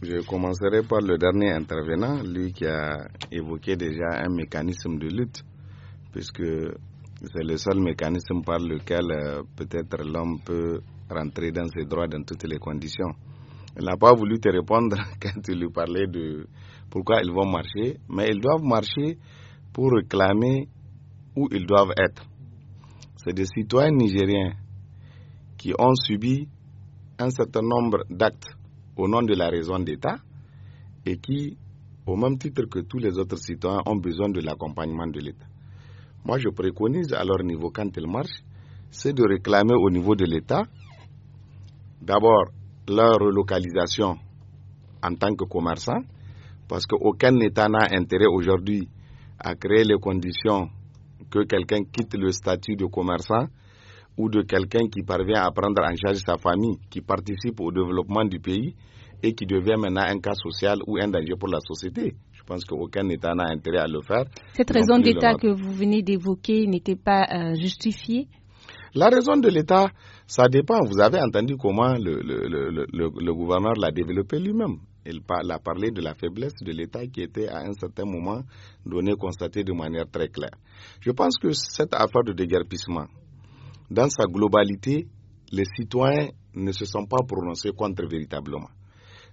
je commencerai par le dernier intervenant, lui qui a évoqué déjà un mécanisme de lutte, puisque c'est le seul mécanisme par lequel euh, peut-être l'homme peut rentrer dans ses droits dans toutes les conditions. Il n'a pas voulu te répondre quand tu lui parlais de pourquoi ils vont marcher, mais ils doivent marcher pour réclamer où ils doivent être. C'est des citoyens nigériens qui ont subi un certain nombre d'actes au nom de la raison d'État et qui, au même titre que tous les autres citoyens, ont besoin de l'accompagnement de l'État. Moi, je préconise à leur niveau, quand ils marchent, c'est de réclamer au niveau de l'État d'abord leur relocalisation en tant que commerçants, parce qu'aucun État n'a intérêt aujourd'hui à créer les conditions que quelqu'un quitte le statut de commerçant ou de quelqu'un qui parvient à prendre en charge sa famille, qui participe au développement du pays et qui devient maintenant un cas social ou un danger pour la société. Je pense qu'aucun État n'a intérêt à le faire. Cette raison d'État que vous venez d'évoquer n'était pas euh, justifiée La raison de l'État, ça dépend. Vous avez entendu comment le gouverneur l'a développé lui-même elle, a parlé de la faiblesse de l'État qui était à un certain moment donné constatée de manière très claire. Je pense que cette affaire de déguerpissement, dans sa globalité, les citoyens ne se sont pas prononcés contre véritablement.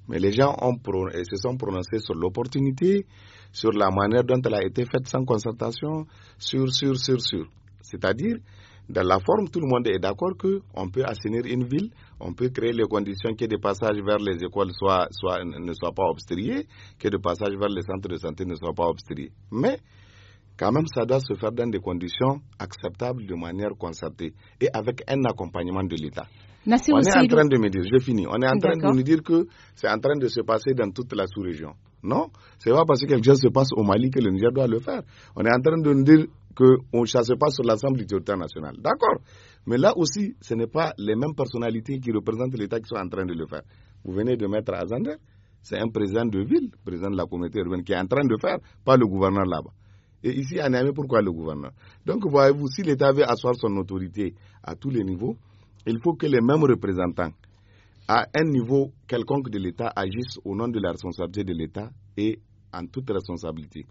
Mais les gens se sont prononcés sur l'opportunité, sur la manière dont elle a été faite sans concertation, sur, sur, sur, sur. C'est-à-dire, dans la forme, tout le monde est d'accord qu'on peut assainir une ville, on peut créer les conditions que des passages vers les écoles soient, ne soient pas obstrués, que des passages vers les centres de santé ne soient pas obstrués. Mais quand même, ça doit se faire dans des conditions acceptables de manière concertée et avec un accompagnement de l'État. on est en train de me dire, je finis, on est en train de nous dire que c'est en train de se passer dans toute la sous-région. Non, n'est pas parce que quelque chose se passe au Mali que le Niger doit le faire. On est en train de nous dire que on, chasse pas sur l'Assemblée du territoire national. D'accord. Mais là aussi, ce n'est pas les mêmes personnalités qui représentent l'État qui sont en train de le faire. Vous venez de mettre à c'est un président de ville, président de la communauté urbaine, qui est en train de faire, pas le gouverneur là-bas. Et ici, à Niamey, pourquoi le gouverneur Donc, voyez-vous, si l'État veut asseoir son autorité à tous les niveaux, il faut que les mêmes représentants, à un niveau quelconque de l'État, agissent au nom de la responsabilité de l'État et en toute responsabilité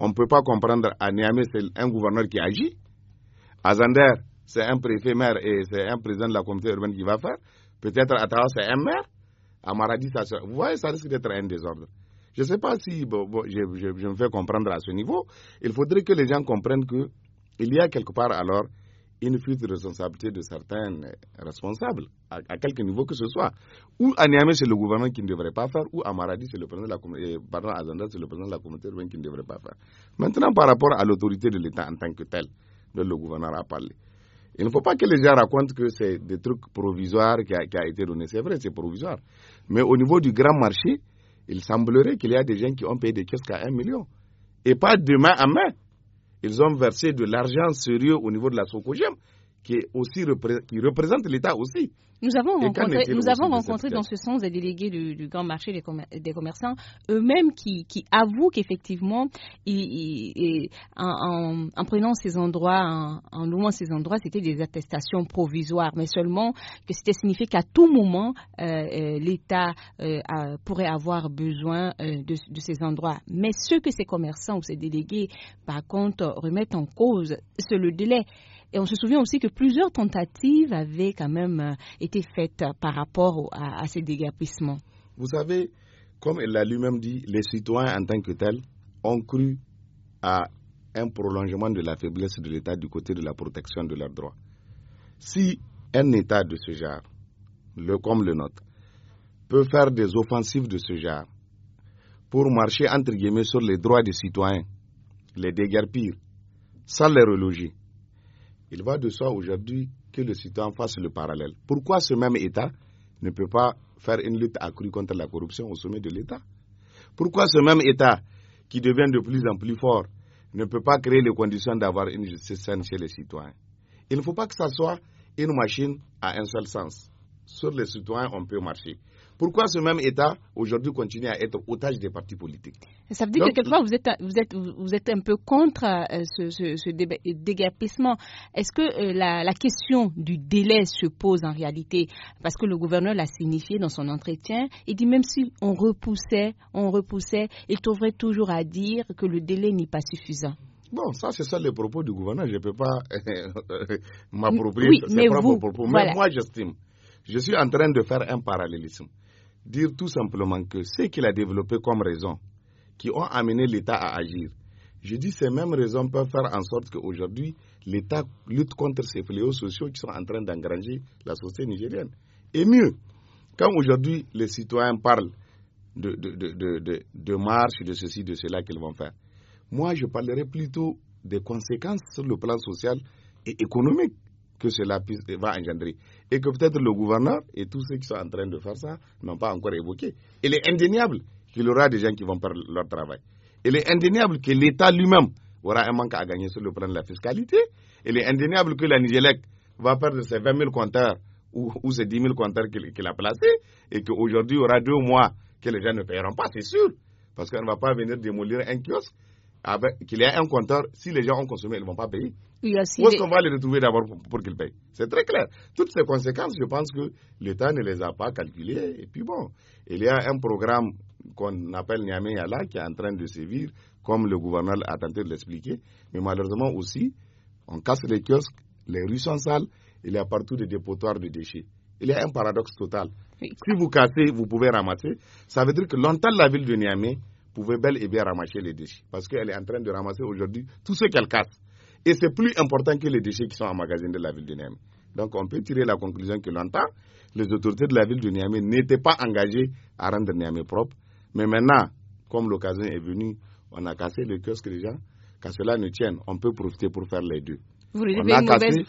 on ne peut pas comprendre à Niamey, c'est un gouverneur qui agit. À Zander, c'est un préfet maire et c'est un président de la communauté urbaine qui va faire. Peut-être à travers c'est un maire. À Maradi, ça, vous voyez, ça risque d'être un désordre. Je ne sais pas si je, je, me fais comprendre à ce niveau. Il faudrait que les gens comprennent qu'il y a quelque part alors une fuite de responsabilité de certains responsables, à, quelque niveau que ce soit. Ou à Niamey, c'est le gouvernement qui ne devrait pas faire, ou à Maradi, c'est le président de la communauté, eh, pardon, à le président la urbaine qui ne devrait pas faire. Maintenant, par rapport à l'autorité de l'État en tant que tel, dont le gouverneur a parlé. Il ne faut pas que les gens racontent que c'est des trucs provisoires qui a, été donné. C'est vrai, c'est provisoire. Mais au niveau du grand marché, il semblerait qu'il y a des gens qui ont payé des un à million. Et pas de main à main. Ils ont versé de l'argent sérieux au niveau de la Socogem qui, représente l'État aussi. Nous avons rencontré, nous avons rencontré dans ce sens des délégués du, grand marché des, commerçants, eux-mêmes qui, avouent qu'effectivement, en, prenant ces endroits, en, louant ces endroits, c'était des attestations provisoires, mais seulement que c'était signifié qu'à tout moment, euh, euh, l'État euh, pourrait avoir besoin de, de, ces endroits. Mais ce que ces commerçants ou ces délégués, par contre, remettent en cause, c'est le délai. Et on se souvient aussi que plusieurs tentatives avaient quand même euh, été faites euh, par rapport à, ces dégapissements. Vous savez, comme elle l'a lui-même dit, les citoyens en tant que tels ont cru à un prolongement de la faiblesse de l'État du côté de la protection de leurs droits. Si un État de ce genre, le, comme le nôtre, peut faire des offensives de ce genre pour marcher entre guillemets sur les droits des citoyens, les déguerpir, sans les reloger, il va de soi aujourd'hui que le citoyen fasse le parallèle. Pourquoi ce même État ne peut pas faire une lutte accrue contre la corruption au sommet de l'État Pourquoi ce même État, qui devient de plus en plus fort, ne peut pas créer les conditions d'avoir une justice saine chez les citoyens Il ne faut pas que ça soit une machine à un seul sens. Sur les citoyens, on peut marcher. Pourquoi ce même État, aujourd'hui, continue à être otage des partis politiques Ça veut dire que quelquefois, vous êtes, vous, êtes, un peu contre euh, ce, ce, Est-ce que euh, la, question du délai se pose en réalité Parce que le gouverneur l'a signifié dans son entretien. Il dit même si on repoussait, on repoussait, il trouverait toujours à dire que le délai n'est pas suffisant. Bon, ça, c'est ça les propos du gouverneur. Je ne peux pas euh, m'approprier oui, ses propres propos. Mais moi, j'estime. Je suis en train de faire un parallélisme dire tout simplement que ce qu'il a développé comme raison, qui ont amené l'État à agir, je dis ces mêmes raisons peuvent faire en sorte qu'aujourd'hui, l'État lutte contre ces fléaux sociaux qui sont en train d'engranger la société nigérienne. Et mieux, quand aujourd'hui les citoyens parlent de, marche de, de, de ceci, de cela qu'ils vont faire, moi je parlerai plutôt des conséquences sur le plan social et économique que cela va engendrer. Et que peut-être le gouverneur et tous ceux qui sont en train de faire ça n'ont pas encore évoqué. Il est indéniable qu'il y aura des gens qui vont perdre leur travail. Il est indéniable que l'État lui-même aura un manque à gagner sur le plan de la fiscalité. Il est indéniable que la Nigélec va perdre ses 20 000 compteurs ou, ses 10 000 compteurs qu'il a placés et qu'aujourd'hui, il y aura deux mois que les gens ne paieront pas, c'est sûr. Parce qu'on ne va pas venir démolir un kiosque ah, ben, qu'il y a un compteur, si les gens ont consommé, ils ne vont pas payer. Où est-ce qu'on va les retrouver d'abord pour, qu'ils payent C'est très clair. Toutes ces conséquences, je pense que l'État ne les a pas calculées. Et puis bon, il y a un programme qu'on appelle Niamey Yala qui est en train de sévir, comme le gouverneur a tenté de l'expliquer. Mais malheureusement aussi, on casse les kiosques, les rues sont sales, il y a partout des dépotoirs de déchets. Il y a un paradoxe total. Si vous cassez, vous pouvez ramasser. Ça veut dire que longtemps, la ville de Niamey pouvait bel et bien ramasser les déchets. Parce qu'elle est en train de ramasser aujourd'hui tout ce qu'elle casse. Et c'est plus important que les déchets qui sont en magasin de la ville de Niamey. Donc on peut tirer la conclusion que longtemps, les autorités de la ville de Niamey n'étaient pas engagées à rendre Niamey propre. Mais maintenant, comme l'occasion est venue, on a cassé le kiosque des gens. cela ne tienne, on peut profiter pour faire les deux. Vous on a une cassé,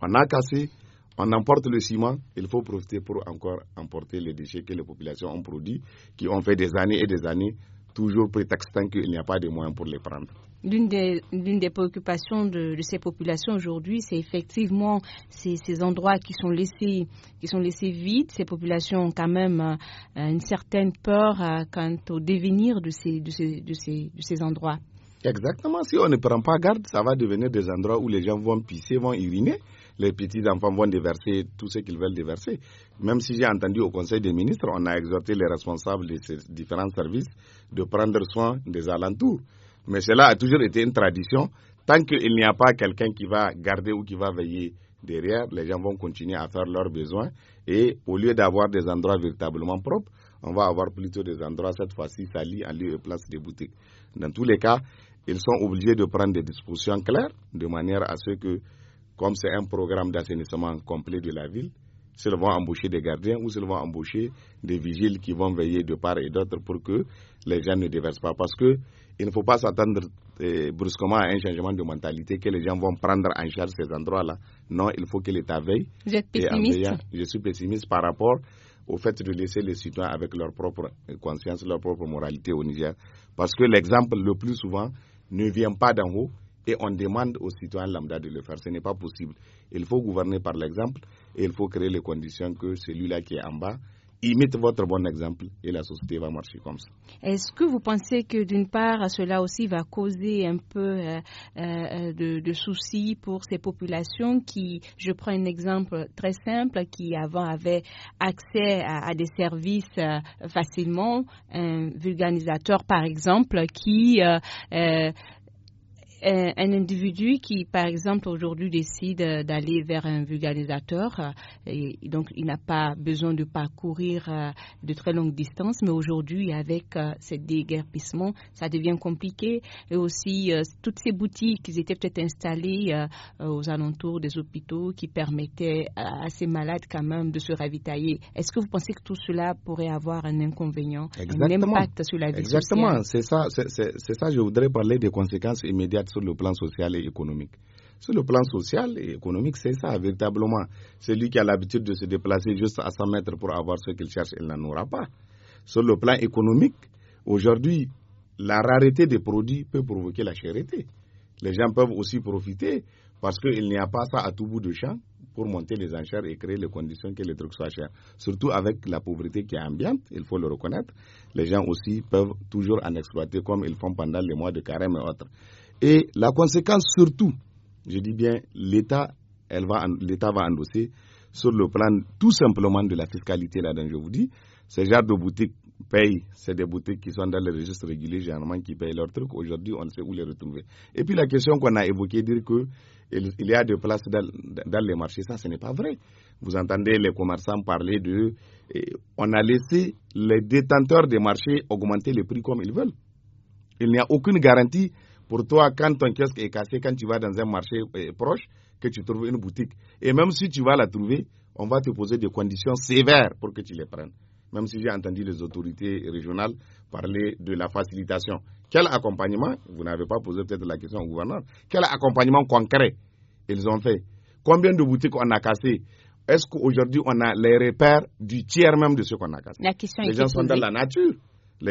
On a cassé, on emporte le ciment, il faut profiter pour encore emporter les déchets que les populations ont produits, qui ont fait des années et des années toujours prétextant qu'il n'y a pas de moyens pour les prendre. L'une des, préoccupations de, ces populations aujourd'hui, c'est effectivement ces, endroits qui sont, laissés, qui sont laissés vides. Ces populations ont quand même euh, une certaine peur euh, quant au devenir de ces, de ces endroits. Exactement. Si on ne prend pas garde, ça va devenir des endroits où les gens vont pisser, vont uriner les petits enfants vont déverser tout ce qu'ils veulent déverser. Même si j'ai entendu au Conseil des ministres, on a exhorté les responsables de ces différents services de prendre soin des alentours. Mais cela a toujours été une tradition. Tant qu'il n'y a pas quelqu'un qui va garder ou qui va veiller derrière, les gens vont continuer à faire leurs besoins. Et au lieu d'avoir des endroits véritablement propres, on va avoir plutôt des endroits cette fois-ci salis en lieu et place des boutiques. Dans tous les cas, ils sont obligés de prendre des dispositions claires de manière à ce que comme c'est un programme d'assainissement complet de la ville, s'ils vont embaucher des gardiens ou s'ils vont embaucher des vigiles qui vont veiller de part et d'autre pour que les gens ne déversent pas. Parce qu'il ne faut pas s'attendre eh, brusquement à un changement de mentalité que les gens vont prendre en charge ces endroits-là. Non, il faut que l'État veille. Vous êtes pessimiste. je suis pessimiste par rapport au fait de laisser les citoyens avec leur propre eh, conscience, leur propre moralité au Niger. Parce que l'exemple le plus souvent ne vient pas d'en haut, et on demande aux citoyens lambda de le faire. Ce n'est pas possible. Il faut gouverner par l'exemple et il faut créer les conditions que celui-là qui est en bas imite votre bon exemple et la société va marcher comme ça. Est-ce que vous pensez que d'une part, cela aussi va causer un peu euh, euh, de, soucis pour ces populations qui, je prends un exemple très simple, qui avant avaient accès à, des services euh, facilement, un vulganisateur par exemple, qui euh, un, individu qui, par exemple, aujourd'hui décide euh, d'aller vers un vulgarisateur, euh, et donc il n'a pas besoin de parcourir de très longues distances, mais aujourd'hui, avec cette déguerpissement ça devient compliqué. Et aussi, toutes ces boutiques qui étaient peut-être installées aux alentours des hôpitaux qui permettaient à ces malades quand même de se ravitailler. Est-ce que vous pensez que tout cela pourrait avoir un inconvénient, un impact sur la vie Exactement. sociale Exactement, c'est ça, c'est ça, je voudrais parler des conséquences immédiates sur le plan social et économique. Sur le plan social et économique, c'est ça, véritablement. Celui qui a l'habitude de se déplacer juste à 100 mètres pour avoir ce qu'il cherche, il n'en aura pas. Sur le plan économique, aujourd'hui, la rareté des produits peut provoquer la chérité. Les gens peuvent aussi profiter parce qu'il n'y a pas ça à tout bout de champ pour monter les enchères et créer les conditions que les trucs soient chers. Surtout avec la pauvreté qui est ambiante, il faut le reconnaître. Les gens aussi peuvent toujours en exploiter comme ils font pendant les mois de carême et autres. Et la conséquence surtout, je dis bien l'État, va, l'État va endosser sur le plan tout simplement de la fiscalité là-dedans. Je vous dis, ces genre de boutiques payent, c'est des boutiques qui sont dans le registre régulier, généralement qui payent leurs trucs. Aujourd'hui, on sait où les retrouver. Et puis la question qu'on a évoquée, dire qu'il y a des places dans, dans les marchés, ça, ce n'est pas vrai. Vous entendez les commerçants parler de. On a laissé les détenteurs des marchés augmenter les prix comme ils veulent. Il n'y a aucune garantie pour toi, quand ton kiosque est cassé, quand tu vas dans un marché euh, proche, que tu trouves une boutique. Et même si tu vas la trouver, on va te poser des conditions sévères pour que tu les prennes. Même si j'ai entendu les autorités régionales parler de la facilitation. Quel accompagnement Vous n'avez pas posé peut-être la question au gouverneur. Quel accompagnement concret ils ont fait Combien de boutiques on a cassées Est-ce qu'aujourd'hui on a les repères du tiers même de ce qu'on a cassé Les gens sont dans la nature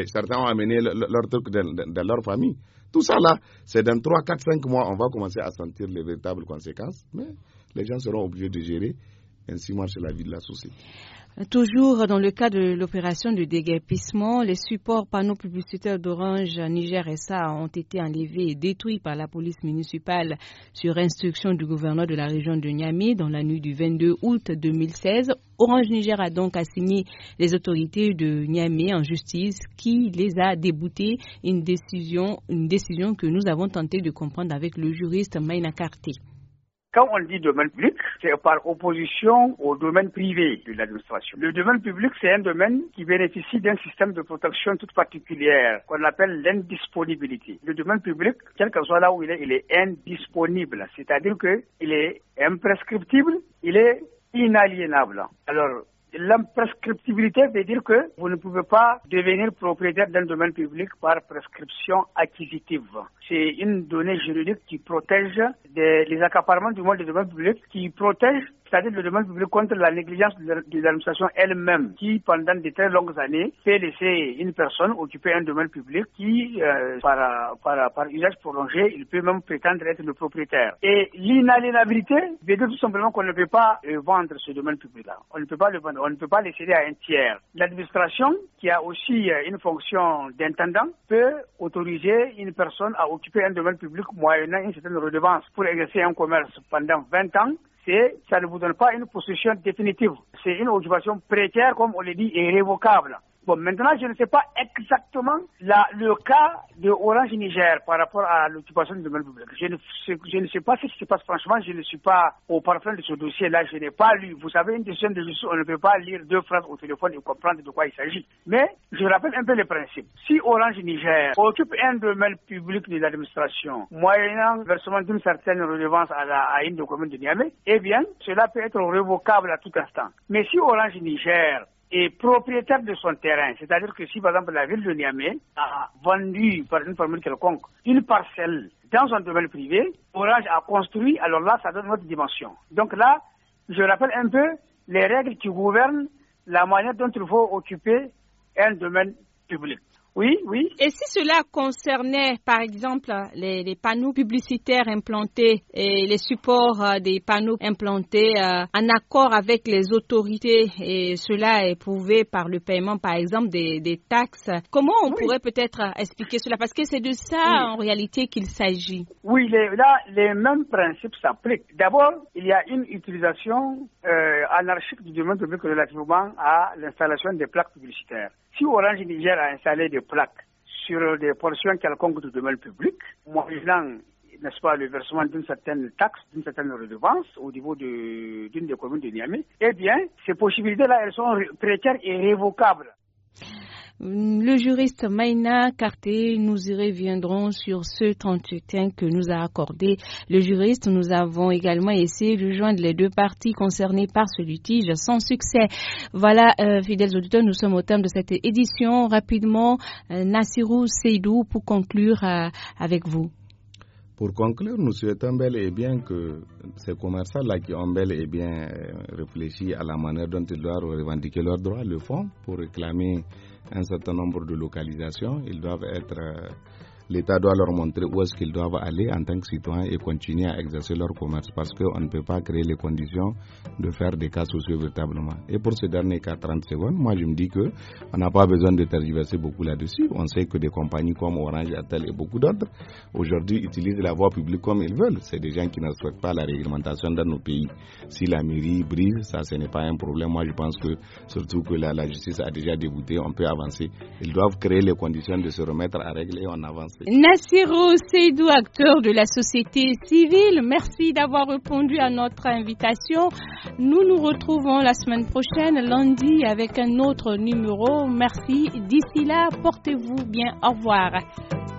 certains ont amené leurs trucs leur truc de, leur famille. Tout ça là, c'est dans 3, 4, 5 mois, on va commencer à sentir les véritables conséquences, mais les gens seront obligés de gérer. Ainsi marche la vie de la société. Toujours dans le cas de l'opération de déguerpissement, les supports panneaux publicitaires d'Orange Niger SA ont été enlevés et détruits par la police municipale sur instruction du gouverneur de la région de Niamey dans la nuit du 22 août 2016. Orange Niger a donc assigné les autorités de Niamey en justice qui les a déboutés, une décision, une décision que nous avons tenté de comprendre avec le juriste Maina Karté. Quand on dit domaine public, c'est par opposition au domaine privé de l'administration. Le domaine public, c'est un domaine qui bénéficie d'un système de protection toute particulière qu'on appelle l'indisponibilité. Le domaine public, quel que soit là où il est, il est indisponible, c'est-à-dire que qu'il est imprescriptible, il est inaliénable. Alors, L'imprescriptibilité veut dire que vous ne pouvez pas devenir propriétaire d'un domaine public par prescription acquisitive. C'est une donnée juridique qui protège des, les accaparements du monde du domaine public, qui protège, c'est-à-dire le domaine public contre la négligence de l'administration elle-même, qui pendant de très longues années fait laisser une personne occuper un domaine public qui, euh, par, par, par usage prolongé, il peut même prétendre être le propriétaire. Et l'inaliénabilité veut dire tout simplement qu'on ne peut pas euh, vendre ce domaine public-là. On ne peut pas le vendre on ne peut pas les céder à un tiers. L'administration, qui a aussi euh, une fonction d'intendant, peut autoriser une personne à occuper un domaine public moyennant une certaine redevance pour exercer un commerce pendant 20 ans c'est ça ne vous donne pas une position définitive. C'est une occupation précaire, comme on l'a dit, irrévocable. Bon, maintenant, je ne sais pas exactement le cas de Orange Niger par rapport à l'occupation du domaine public. Je ne, je ne, sais pas ce qui se passe. Franchement, je ne suis pas au parfum de ce dossier-là. Je n'ai pas lu. Vous savez, une décision de justice, on ne peut pas lire deux phrases au téléphone et comprendre de quoi il s'agit. Mais je rappelle un peu les principes. Si Orange Niger occupe un domaine public de l'administration, moyennant versement d'une certaine relevance à, la, une de commune de Niamey, eh bien, cela peut être revocable à tout instant. Mais si Orange Niger est propriétaire de son terrain, c'est-à-dire que si, par exemple, la ville de Niamey a vendu, par une formule quelconque, une parcelle dans un domaine privé, Orange a construit, alors là, ça donne une autre dimension. Donc là, je rappelle un peu les règles qui gouvernent la manière dont il faut occuper un domaine public. Oui, oui. Et si cela concernait, par exemple, les, panneaux publicitaires implantés et les supports euh, des panneaux implantés euh, en accord avec les autorités, et cela est prouvé par le paiement, par exemple, des, taxes, comment on pourrait peut-être expliquer cela Parce que c'est de ça, en réalité, qu'il s'agit. Oui, là, les mêmes principes s'appliquent. D'abord, il y a une utilisation euh, anarchique du domaine public relativement à l'installation des plaques publicitaires. Si Orange Niger a installé des plaques sur des portions quelconques de domaine public, moyennant n'est-ce pas, le versement d'une certaine taxe, d'une certaine redevance au niveau d'une des communes de Niamey, eh bien, ces possibilités-là, elles sont précaires et révocables. Le juriste Maina Carté, nous y reviendrons sur ce entretien que nous a accordé le juriste. Nous avons également essayé de joindre les deux parties concernées par ce litige sans succès. Voilà, euh, fidèles auditeurs, nous sommes au terme de cette édition. Rapidement, euh, Nassirou Seydou pour conclure euh, avec vous. Pour conclure, nous souhaitons bel et bien que ces commerçants-là qui ont bel et bien euh, réfléchi à la manière dont ils doivent revendiquer leurs droits le font pour réclamer un certain nombre de localisations. Ils doivent être euh, l'État doit leur montrer où est-ce qu'ils doivent aller en tant que citoyens et continuer à exercer leur commerce parce qu'on ne peut pas créer les conditions de faire des cas sociaux véritablement. Et pour ce dernier cas, 30 secondes, moi je me dis que on n'a pas besoin de tergiverser beaucoup là-dessus. On sait que des compagnies comme Orange, Atel et beaucoup d'autres aujourd'hui utilisent la voie publique comme ils veulent. C'est des gens qui ne souhaitent pas la réglementation dans nos pays. Si la mairie brise, ça ce n'est pas un problème. Moi je pense que surtout que la, justice a déjà débouté, on peut avancer. Ils doivent créer les conditions de se remettre à règle et on avance. Nassiro Seydou, acteur de la société civile, merci d'avoir répondu à notre invitation. Nous nous retrouvons la semaine prochaine, lundi, avec un autre numéro. Merci. D'ici là, portez-vous bien. Au revoir.